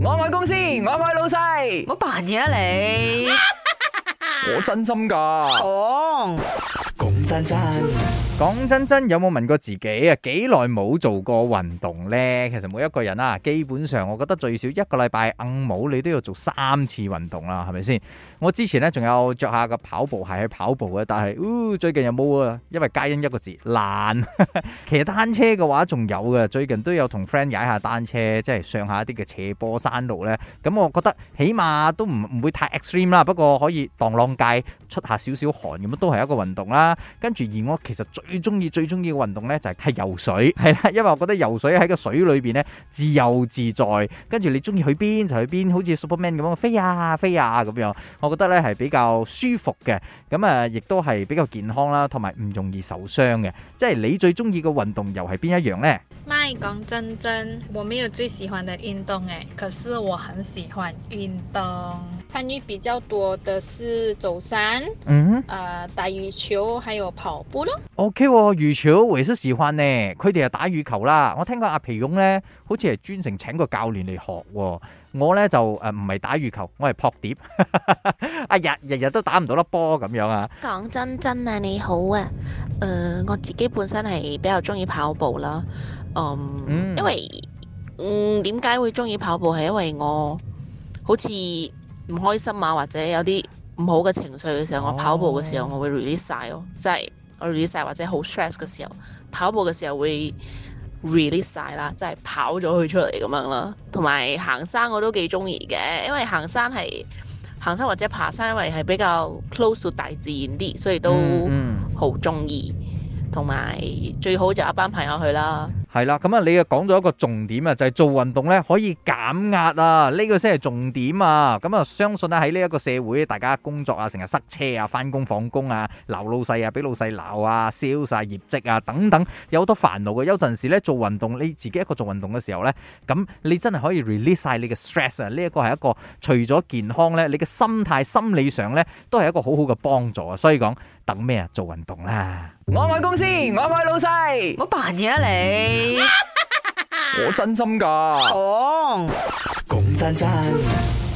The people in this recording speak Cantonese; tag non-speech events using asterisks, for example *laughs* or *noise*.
我愛公司，我愛老細，我扮嘢啊你！ *laughs* 我真心噶。哦。Oh. 講真真有冇問過自己啊？幾耐冇做過運動呢？其實每一個人啊，基本上我覺得最少一個禮拜硬舞你都要做三次運動啦，係咪先？我之前呢，仲有着下個跑步鞋去跑步嘅，但係，嗚、哦、最近又冇啊，因為皆因一個字爛。騎 *laughs* 單車嘅話仲有嘅，最近都有同 friend 踩下單車，即係上下一啲嘅斜坡山路呢。咁我覺得起碼都唔唔會太 extreme 啦，不過可以蕩浪街，出下少少汗咁都係一個運動啦。跟住而我其實最中意，最中意嘅運動呢，就係係游水係啦，因為我覺得游水喺個水裏邊呢，自由自在，跟住你中意去邊就去邊，好似 Superman 咁樣飛啊飛啊咁樣，我覺得呢係比較舒服嘅，咁啊亦都係比較健康啦，同埋唔容易受傷嘅。即係你最中意嘅運動又係邊一樣呢？講真真，我沒有最喜歡的運動誒，可是我很喜歡運動，參與比較多的是走山，嗯哼，誒、呃、打羽球，還有跑步咯。O K，羽球我是喜歡呢，佢哋又打羽球啦。我聽過阿皮勇呢，好似係專程請個教練嚟學。哦。我呢就誒唔係打羽球，我係撲碟，阿日日日都打唔到粒波咁樣啊。講真真啊，你好啊，誒、呃、我自己本身係比較中意跑步啦。Um, mm. 嗯，因為嗯點解會中意跑步係因為我好似唔開心啊或者有啲唔好嘅情緒嘅時候、oh. 我跑步嘅時候我會 release 晒咯，即係我 release 或者好 stress 嘅時候跑步嘅時候會 release 晒啦，即係跑咗佢出嚟咁樣啦。同埋行山我都幾中意嘅，因為行山係行山或者爬山，因為係比較 close to 大自然啲，所以都好中意。同埋、mm hmm. 最好就一班朋友去啦。係啦，咁啊，你又講咗一個重點啊，就係做運動咧可以減壓啊，呢個先係重點啊。咁啊，相信咧喺呢一個社會，大家工作啊，成日塞車啊，翻工放工啊，鬧老細啊，俾老細鬧啊，燒晒業績啊，等等，有好多煩惱嘅。有陣時咧做運動，你自己一個做運動嘅時候咧，咁你真係可以 release 晒你嘅 stress 啊。呢一個係一個除咗健康咧，你嘅心態、心理上咧都係一個好好嘅幫助啊。所以講，等咩啊？做運動啦！我愛公司，我愛老細，我扮嘢啊你！我真心噶，講講真真。